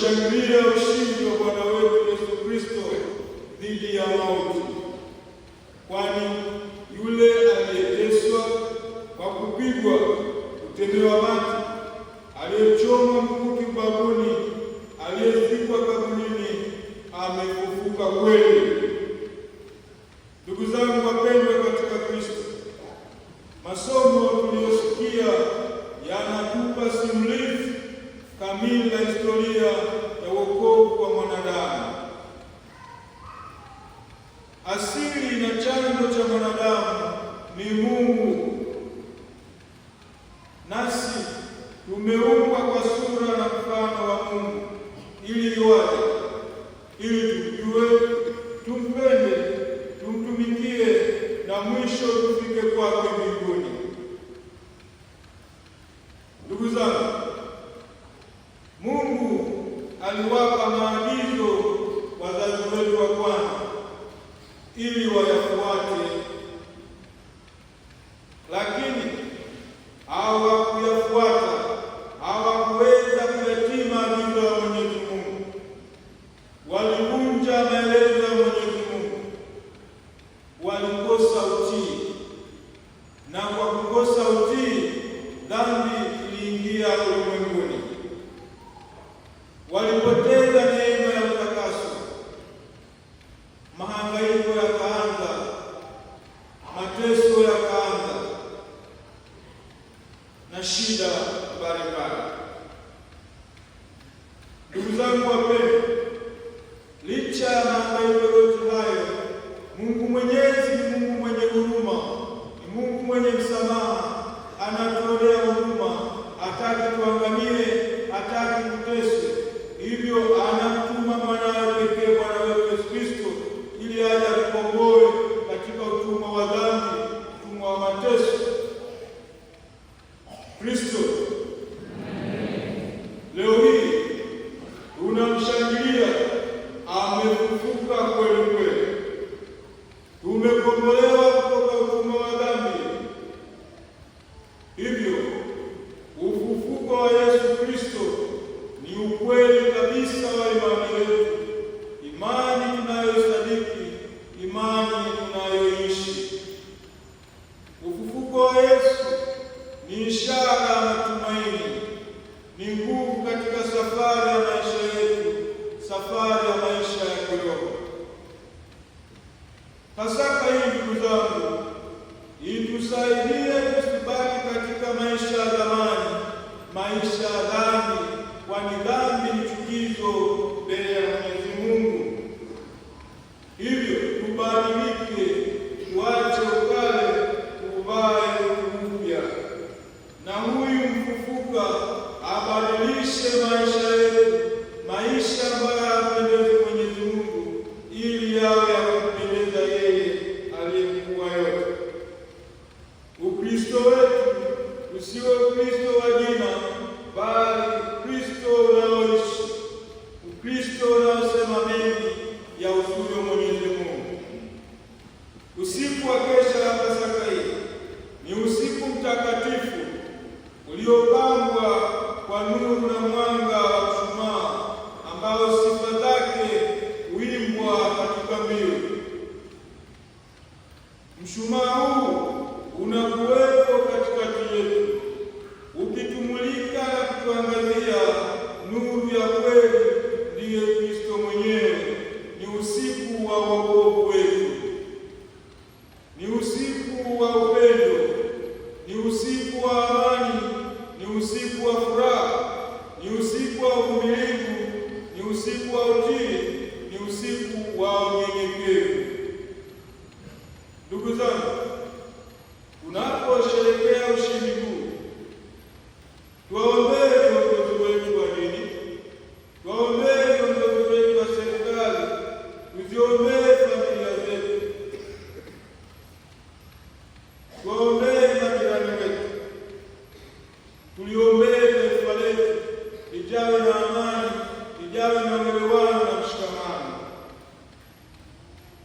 kushangilia ushindi wa Bwana wetu Yesu Kristo dhidi ya mauti. Asili na chanzo cha mwanadamu ni Mungu, nasi tumeumbwa kwa sura na mfano wa Mungu ili iwaje na shida mbalimbali. ni nguvu katika safari ya maisha yetu, safari ya maisha ya kiroho. Pasaka hii, ndugu zangu, itusaidie tusibaki katika maisha ya zamani, maisha ya dhambi Ukristo wetu usiwe Ukristo wa jina, bali Kristo ni usiku wa upendo, ni usiku wa amani, ni usiku wa furaha, ni usiku wa uvumilivu, ni usiku wa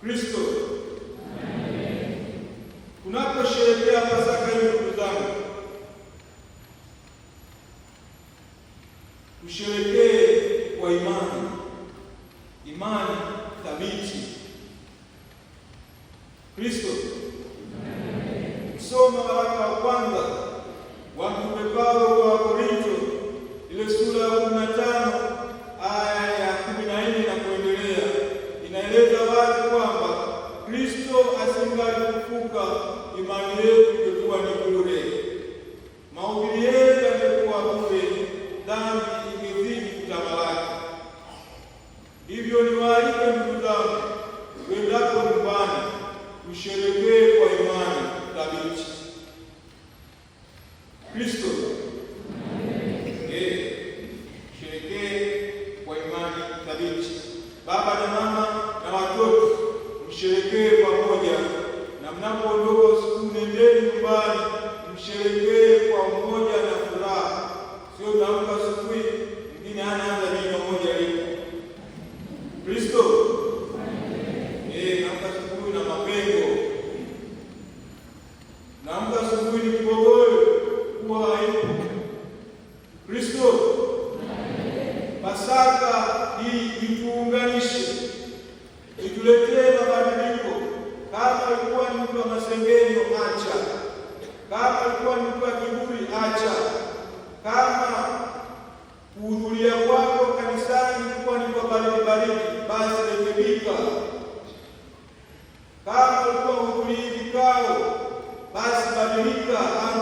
Kristo. Tunaposherehekea Pasaka hiyo, ndugu zangu E violou Pasaka ituunganishe, ituletee mabadiliko. Kama alikuwa ni mtu wa masengenyo, acha. Kama alikuwa ni mtu wa kiburi, acha. Kama kuhudhuria kwako kanisani ilikuwa ni kwa baridi baridi, basi rekebika. Kama alikuwa hudhurii vikao, basi badilika.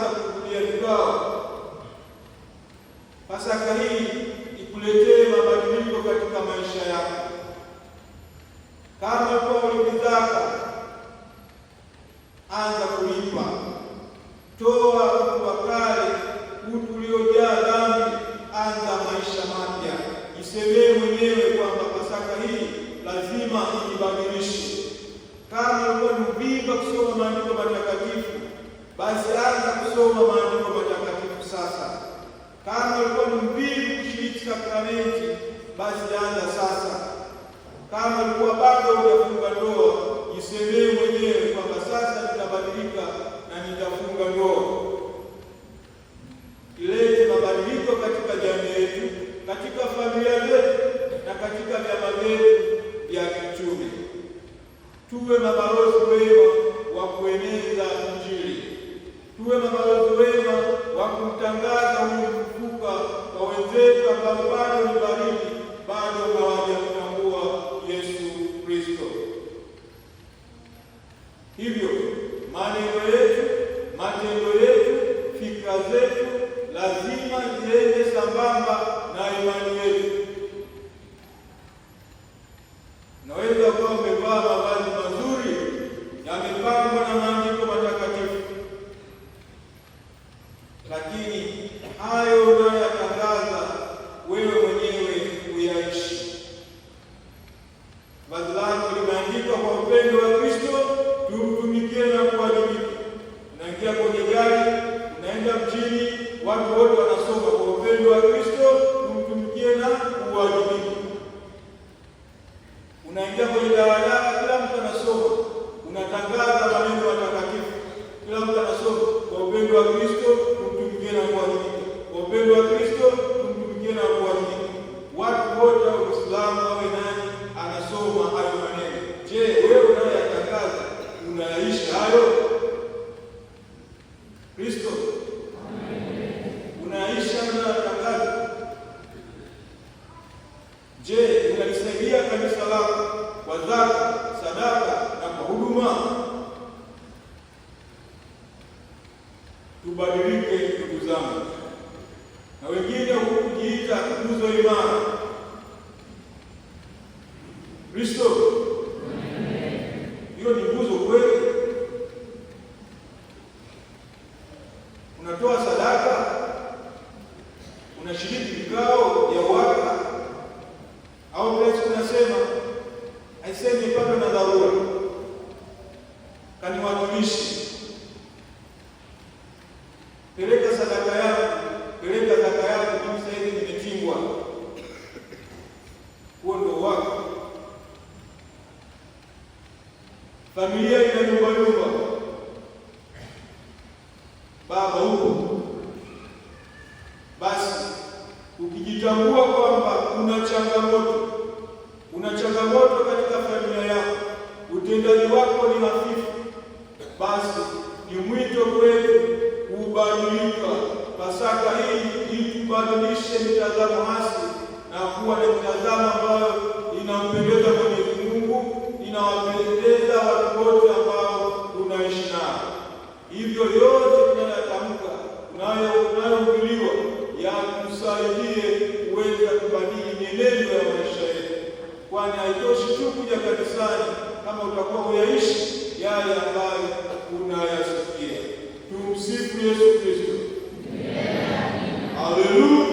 tuwe mabalozi wema wa kumtangaza huyu mfufuka kwa wenzetu ambao bado ni sadaka sadaka na kwa huduma. Tubadilike ndugu zangu, na wengine hukujiita nguzo imara Kristo. Hiyo ni nguzo kweli? Unatoa sadaka, unashiriki vikao vya watu familia ina nyumba nyumba, baba huko. Basi ukijitambua kwamba kuna changamoto, una changamoto katika familia yako, utendaji wako ni hafifu, basi ni mwito kwetu kubadilika. Pasaka hii ikubadilishe mitazamo hasi na kuwa na mitazamo ambayo inampendeza Mwenyezi Mungu, inawapendeza yoyote tunayotamka tunayohubiriwa yatusaidie kuweza kubadili mienendo ya maisha yetu, kwani haitoshi tu kuja kanisani kama utakuwa huyaishi yale ambayo unayasikia. Tumsifu Yesu Kristo. Haleluya.